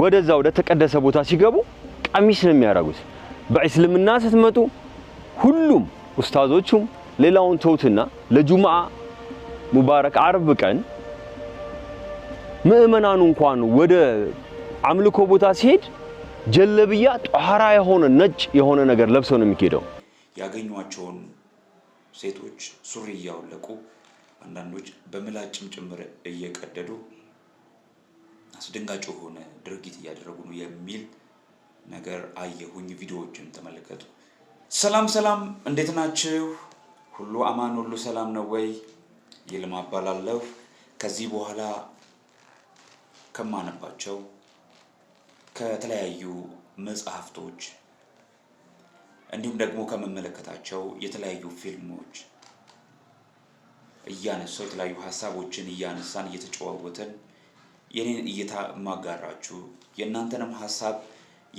ወደዛ ወደ ተቀደሰ ቦታ ሲገቡ ቀሚስ ነው የሚያደርጉት። በእስልምና ስትመጡ ሁሉም ኡስታዞቹም ሌላውን ተውትና ለጁምዓ ሙባረክ አርብ ቀን ምእመናኑ እንኳን ወደ አምልኮ ቦታ ሲሄድ ጀለብያ ጧራ የሆነ ነጭ የሆነ ነገር ለብሰው ነው የሚሄደው። ያገኟቸውን ሴቶች ሱሪ እያወለቁ አንዳንዶች በምላጭም ጭምር እየቀደዱ አስደንጋጭ የሆነ ድርጊት እያደረጉ ነው የሚል ነገር አየሁኝ። ቪዲዮዎችን ተመለከቱ። ሰላም ሰላም፣ እንዴት ናችሁ? ሁሉ አማን፣ ሁሉ ሰላም ነው ወይ? ይልማ እባላለሁ። ከዚህ በኋላ ከማነባቸው ከተለያዩ መጽሐፍቶች እንዲሁም ደግሞ ከመመለከታቸው የተለያዩ ፊልሞች እያነሳው የተለያዩ ሀሳቦችን እያነሳን እየተጨዋወትን የኔን እይታ የማጋራችሁ የእናንተንም ሀሳብ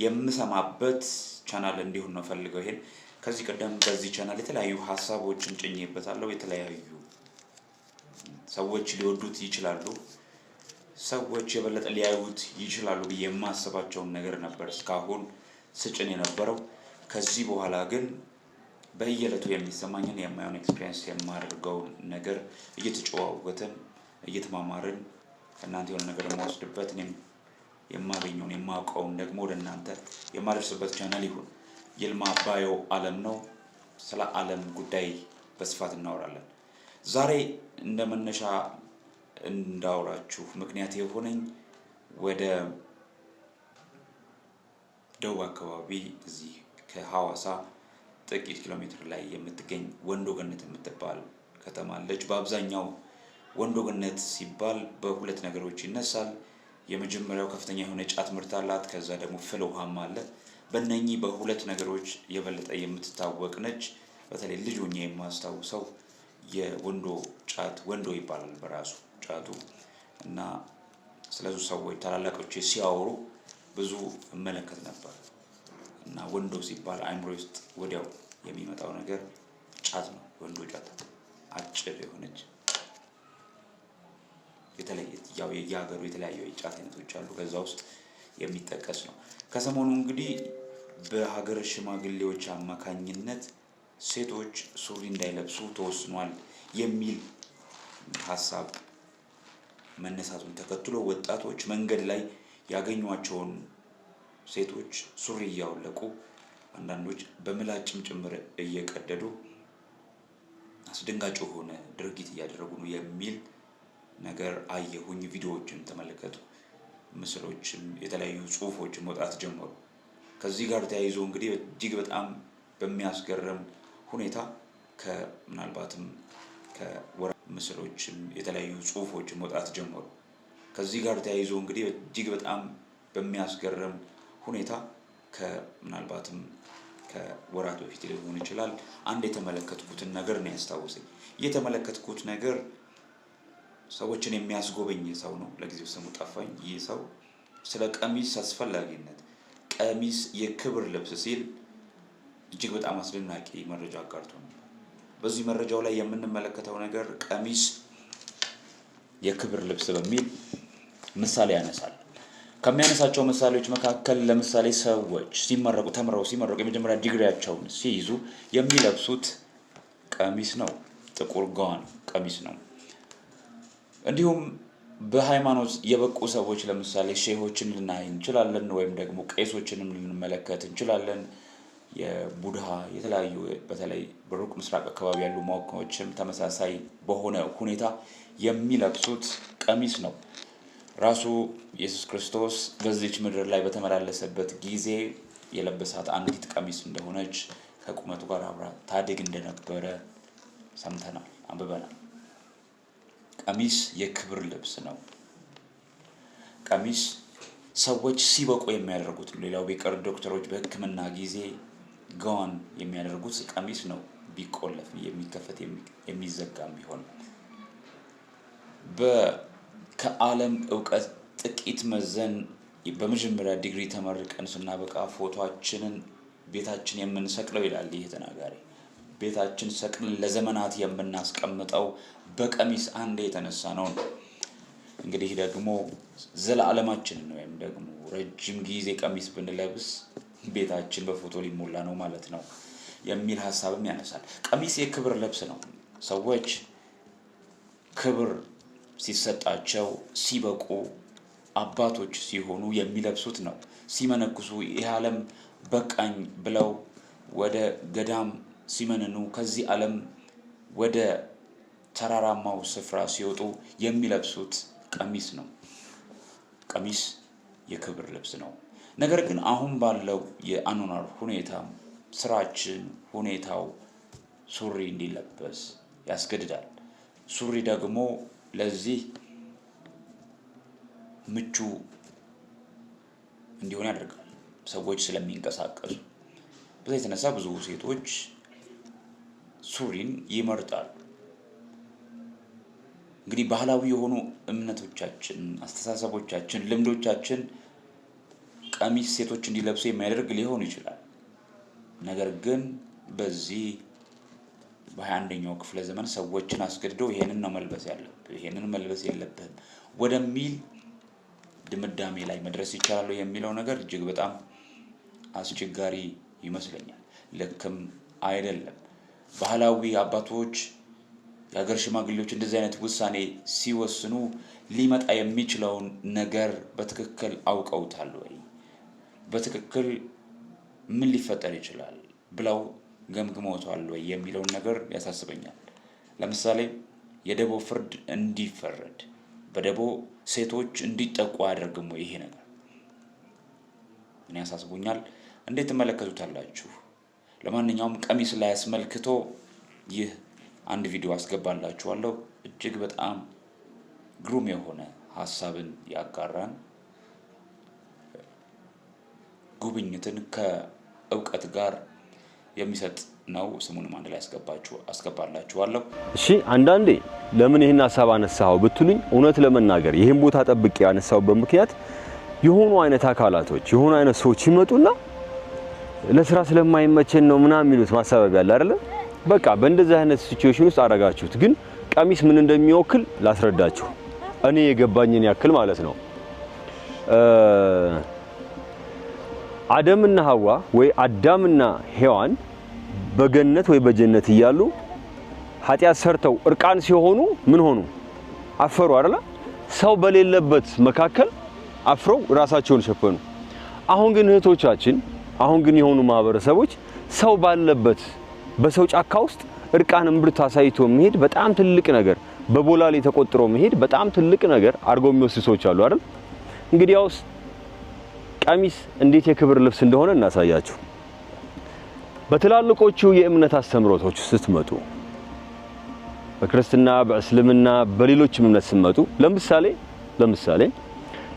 የምሰማበት ቻናል እንዲሆን ነው ፈልገው። ይሄን ከዚህ ቀደም በዚህ ቻናል የተለያዩ ሀሳቦችን ጭኝበታለሁ። የተለያዩ ሰዎች ሊወዱት ይችላሉ፣ ሰዎች የበለጠ ሊያዩት ይችላሉ ብዬ የማስባቸውን ነገር ነበር እስካሁን ስጭን የነበረው። ከዚህ በኋላ ግን በየዕለቱ የሚሰማኝን የማየውን ኤክስፔሪንስ የማደርገውን ነገር እየተጨዋወትን እየተማማርን ከእናንተ የሆነ ነገር የማወስድበት እኔም የማገኘውን የማውቀውን ደግሞ ወደ እናንተ የማደርስበት ቻናል ይሁን። ይልማ ባዮ አለም ነው። ስለ አለም ጉዳይ በስፋት እናወራለን። ዛሬ እንደ መነሻ እንዳውራችሁ ምክንያት የሆነኝ ወደ ደቡብ አካባቢ እዚህ ከሐዋሳ ጥቂት ኪሎ ሜትር ላይ የምትገኝ ወንዶ ገነት የምትባል ከተማ አለች። በአብዛኛው ወንድ ሲባል በሁለት ነገሮች ይነሳል። የመጀመሪያው ከፍተኛ የሆነ ጫት ምርት አላት። ከዛ ደግሞ ፍል ውሃም አለ። በእነኚህ በሁለት ነገሮች የበለጠ የምትታወቅ ነች። በተለይ ልጅ ሆኜ የማስታውሰው የወንዶ ጫት ወንዶ ይባላል በራሱ ጫቱ እና ስለዙ ሰዎች ታላላቆች ሲያወሩ ብዙ እመለከት ነበር እና ወንዶ ሲባል አይምሮ ውስጥ ወዲያው የሚመጣው ነገር ጫት ነው። ወንዶ ጫት አጭር የሆነች ያው የየሀገሩ የተለያዩ የጫት አይነቶች አሉ። ከዛ ውስጥ የሚጠቀስ ነው። ከሰሞኑ እንግዲህ በሀገር ሽማግሌዎች አማካኝነት ሴቶች ሱሪ እንዳይለብሱ ተወስኗል የሚል ሀሳብ መነሳቱን ተከትሎ ወጣቶች መንገድ ላይ ያገኟቸውን ሴቶች ሱሪ እያወለቁ አንዳንዶች በምላጭም ጭምር እየቀደዱ አስደንጋጭ የሆነ ድርጊት እያደረጉ ነው የሚል ነገር አየሁኝ። ቪዲዮዎችን ተመለከቱ፣ ምስሎችም፣ የተለያዩ ጽሁፎችን መውጣት ጀመሩ። ከዚህ ጋር ተያይዞ እንግዲህ እጅግ በጣም በሚያስገርም ሁኔታ ከምናልባትም ከወራ ምስሎችም፣ የተለያዩ ጽሁፎችን መውጣት ጀመሩ። ከዚህ ጋር ተያይዞ እንግዲህ እጅግ በጣም በሚያስገርም ሁኔታ ከምናልባትም ከወራት በፊት ሊሆን ይችላል። አንድ የተመለከትኩትን ነገር ነው ያስታወሰኝ። የተመለከትኩት ነገር ሰዎችን የሚያስጎበኝ ሰው ነው። ለጊዜው ስሙ ጠፋኝ። ይህ ሰው ስለ ቀሚስ አስፈላጊነት ቀሚስ የክብር ልብስ ሲል እጅግ በጣም አስደናቂ መረጃ አጋርቶ ነበር። በዚህ መረጃው ላይ የምንመለከተው ነገር ቀሚስ የክብር ልብስ በሚል ምሳሌ ያነሳል። ከሚያነሳቸው ምሳሌዎች መካከል ለምሳሌ ሰዎች ሲመረቁ ተምረው ሲመረቁ የመጀመሪያ ዲግሪያቸውን ሲይዙ የሚለብሱት ቀሚስ ነው። ጥቁር ጋዋን ቀሚስ ነው። እንዲሁም በሃይማኖት የበቁ ሰዎች ለምሳሌ ሼሆችን ልናይ እንችላለን፣ ወይም ደግሞ ቄሶችንም ልንመለከት እንችላለን። የቡድሃ የተለያዩ በተለይ በሩቅ ምስራቅ አካባቢ ያሉ ማወቃዎችም ተመሳሳይ በሆነ ሁኔታ የሚለብሱት ቀሚስ ነው። ራሱ ኢየሱስ ክርስቶስ በዚች ምድር ላይ በተመላለሰበት ጊዜ የለበሳት አንዲት ቀሚስ እንደሆነች ከቁመቱ ጋር አብራ ታድግ እንደነበረ ሰምተናል፣ አንብበናል። ቀሚስ የክብር ልብስ ነው። ቀሚስ ሰዎች ሲበቁ የሚያደርጉት ነው። ሌላው ቢቀር ዶክተሮች በሕክምና ጊዜ ጋዋን የሚያደርጉት ቀሚስ ነው። ቢቆለፍ የሚከፈት የሚዘጋም ቢሆን ከዓለም እውቀት ጥቂት መዘን በመጀመሪያ ዲግሪ ተመርቀን ስናበቃ ፎቶአችንን ቤታችን የምንሰቅለው ይላል ይህ ተናጋሪ። ቤታችን ሰቅልን ለዘመናት የምናስቀምጠው በቀሚስ አንዴ የተነሳ ነው። እንግዲህ ደግሞ ዘላለማችንን ወይም ደግሞ ረጅም ጊዜ ቀሚስ ብንለብስ ቤታችን በፎቶ ሊሞላ ነው ማለት ነው የሚል ሀሳብም ያነሳል። ቀሚስ የክብር ልብስ ነው። ሰዎች ክብር ሲሰጣቸው ሲበቁ አባቶች ሲሆኑ የሚለብሱት ነው። ሲመነኩሱ ይህ ዓለም በቃኝ ብለው ወደ ገዳም ሲመንኑ ከዚህ ዓለም ወደ ተራራማው ስፍራ ሲወጡ የሚለብሱት ቀሚስ ነው። ቀሚስ የክብር ልብስ ነው። ነገር ግን አሁን ባለው የአኗኗር ሁኔታ ስራችን ሁኔታው ሱሪ እንዲለበስ ያስገድዳል። ሱሪ ደግሞ ለዚህ ምቹ እንዲሆን ያደርጋል። ሰዎች ስለሚንቀሳቀሱ በዛ የተነሳ ብዙ ሴቶች ሱሪን ይመርጣል እንግዲህ ባህላዊ የሆኑ እምነቶቻችን፣ አስተሳሰቦቻችን፣ ልምዶቻችን ቀሚስ ሴቶች እንዲለብሱ የሚያደርግ ሊሆን ይችላል። ነገር ግን በዚህ በሀያ አንደኛው ክፍለ ዘመን ሰዎችን አስገድደው ይሄንን ነው መልበስ ያለብህ፣ ይሄንን መልበስ የለብህም ወደሚል ድምዳሜ ላይ መድረስ ይቻላሉ የሚለው ነገር እጅግ በጣም አስቸጋሪ ይመስለኛል። ልክም አይደለም። ባህላዊ አባቶች፣ የሀገር ሽማግሌዎች እንደዚህ አይነት ውሳኔ ሲወስኑ ሊመጣ የሚችለውን ነገር በትክክል አውቀውታል ወይ? በትክክል ምን ሊፈጠር ይችላል ብለው ገምግመውታል ወይ የሚለውን ነገር ያሳስበኛል። ለምሳሌ የደቦ ፍርድ እንዲፈረድ በደቦ ሴቶች እንዲጠቁ አያደርግም ወይ? ይሄ ነገር እኔ ያሳስቡኛል። እንዴት ትመለከቱታላችሁ? ለማንኛውም ቀሚስ ላይ አስመልክቶ ይህ አንድ ቪዲዮ አስገባላችኋለሁ። እጅግ በጣም ግሩም የሆነ ሀሳብን ያጋራን ጉብኝትን ከእውቀት ጋር የሚሰጥ ነው። ስሙንም አንድ ላይ አስገባላችኋለሁ። እሺ አንዳንዴ ለምን ይህን ሀሳብ አነሳኸው ብትሉኝ፣ እውነት ለመናገር ይህን ቦታ ጠብቄ ያነሳውበት ምክንያት የሆኑ አይነት አካላቶች የሆኑ አይነት ሰዎች ይመጡና ለስራ ስለማይመቸን ነው ምናምን የሚሉት ማሳበብ ያለ አይደለ? በቃ በእንደዚህ አይነት ሲቹዌሽን ውስጥ አረጋችሁት። ግን ቀሚስ ምን እንደሚወክል ላስረዳችሁ፣ እኔ የገባኝን ያክል ማለት ነው። አደምና ሐዋ ወይ አዳምና ሔዋን በገነት ወይ በጀነት እያሉ ኃጢአት ሰርተው እርቃን ሲሆኑ ምን ሆኑ? አፈሩ አይደለ? ሰው በሌለበት መካከል አፍረው ራሳቸውን ሸፈኑ። አሁን ግን እህቶቻችን አሁን ግን የሆኑ ማህበረሰቦች ሰው ባለበት በሰው ጫካ ውስጥ እርቃን እምብርት አሳይቶ መሄድ በጣም ትልቅ ነገር፣ በቦላሌ ተቆጥሮ መሄድ በጣም ትልቅ ነገር አድርገው የሚወስዱ ሰዎች አሉ አይደል? ያውስ ቀሚስ እንዴት የክብር ልብስ እንደሆነ እናሳያችሁ። በትላልቆቹ የእምነት አስተምሮቶች ስትመጡ በክርስትና በእስልምና በሌሎችም እምነት ስትመጡ ለምሳሌ ለምሳሌ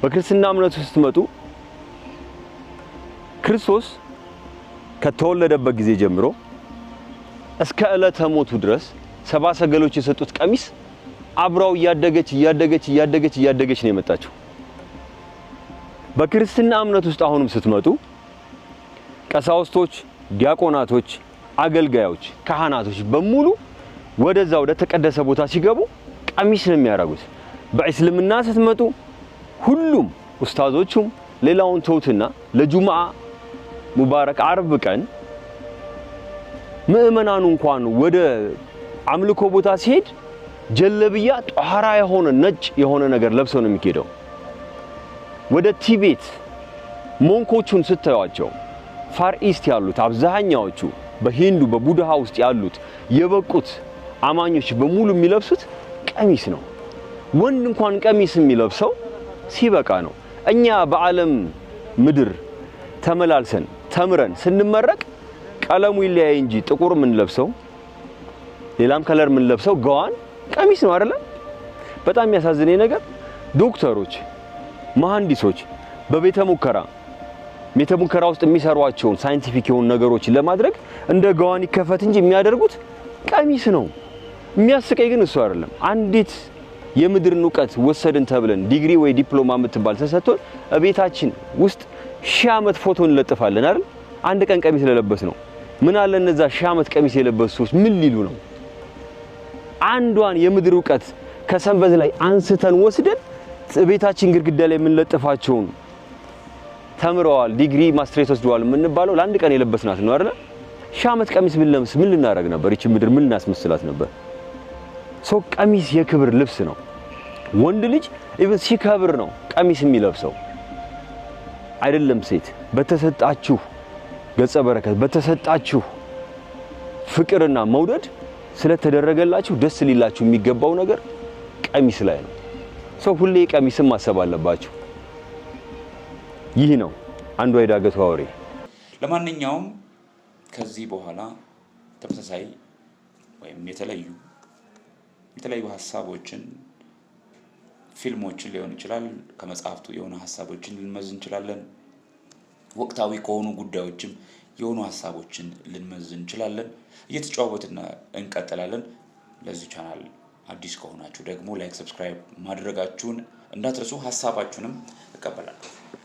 በክርስትና እምነት ስትመጡ ክርስቶስ ከተወለደበት ጊዜ ጀምሮ እስከ ዕለተ ሞቱ ድረስ ሰባ ሰገሎች የሰጡት ቀሚስ አብራው እያደገች እያደገች እያደገች እያደገች ነው የመጣችው። በክርስትና እምነት ውስጥ አሁንም ስትመጡ ቀሳውስቶች፣ ዲያቆናቶች፣ አገልጋዮች፣ ካህናቶች በሙሉ ወደዛ ወደ ተቀደሰ ቦታ ሲገቡ ቀሚስ ነው የሚያደርጉት። በእስልምና ስትመጡ ሁሉም ኡስታዞቹም ሌላውን ተውትና ለጁምዓ ሙባረክ አርብ ቀን ምእመናኑ እንኳን ወደ አምልኮ ቦታ ሲሄድ ጀለብያ ጧራ የሆነ ነጭ የሆነ ነገር ለብሶ ነው የሚሄደው። ወደ ቲቤት ሞንኮቹን ስታዩቸው ፋር ኢስት ያሉት አብዛኛዎቹ በሂንዱ በቡድሃ ውስጥ ያሉት የበቁት አማኞች በሙሉ የሚለብሱት ቀሚስ ነው። ወንድ እንኳን ቀሚስ የሚለብሰው ሲበቃ ነው። እኛ በዓለም ምድር ተመላልሰን ተምረን ስንመረቅ ቀለሙ ይለያይ እንጂ ጥቁር የምንለብሰው ሌላም ከለር የምንለብሰው ገዋን ቀሚስ ነው አይደለም። በጣም የሚያሳዝነኝ ነገር ዶክተሮች፣ መሐንዲሶች በቤተ ሙከራ ቤተ ሙከራ ውስጥ የሚሰሯቸውን ሳይንቲፊክ የሆኑ ነገሮችን ለማድረግ እንደ ገዋን ይከፈት እንጂ የሚያደርጉት ቀሚስ ነው። የሚያስቀኝ ግን እሱ አይደለም። አንዲት የምድርን እውቀት ወሰድን ተብለን ዲግሪ ወይ ዲፕሎማ የምትባል ተሰጥቶን ቤታችን ውስጥ ሺህ ዓመት ፎቶ እንለጥፋለን አይደል? አንድ ቀን ቀሚስ ለለበስ ነው። ምን አለ እነዛ ሺህ ዓመት ቀሚስ የለበሱ ሰዎች ምን ሊሉ ነው? አንዷን የምድር እውቀት ከሰንበዝ ላይ አንስተን ወስደን ቤታችን ግድግዳ ላይ የምንለጥፋቸውን ተምረዋል፣ ዲግሪ ማስትሬት ወስደዋል የምንባለው ለአንድ ቀን የለበስናት ነው አይደል? ሺህ ዓመት ቀሚስ ብንለብስ ምን ልናደርግ ነበር? ይቺ ምድር ምን ልናስመስላት ነበር? ሰው ቀሚስ የክብር ልብስ ነው። ወንድ ልጅ ኢቭን ሲከብር ነው ቀሚስ የሚለብሰው። አይደለም ሴት በተሰጣችሁ ገጸ በረከት በተሰጣችሁ ፍቅርና መውደድ ስለተደረገላችሁ ደስ ሊላችሁ የሚገባው ነገር ቀሚስ ላይ ነው። ሰው ሁሌ ቀሚስም ማሰብ አለባችሁ። ይህ ነው አንዷ አይዳገቱ አውሬ። ለማንኛውም ከዚህ በኋላ ተመሳሳይ ወይም የተለዩ የተለያዩ ሀሳቦችን ፊልሞችን ሊሆን ይችላል፣ ከመጽሐፍቱ የሆኑ ሀሳቦችን ልንመዝ እንችላለን። ወቅታዊ ከሆኑ ጉዳዮችም የሆኑ ሀሳቦችን ልንመዝ እንችላለን። እየተጫወትን እንቀጥላለን። ለዚህ ቻናል አዲስ ከሆናችሁ ደግሞ ላይክ፣ ሰብስክራይብ ማድረጋችሁን እንዳትረሱ። ሀሳባችሁንም እቀበላለሁ።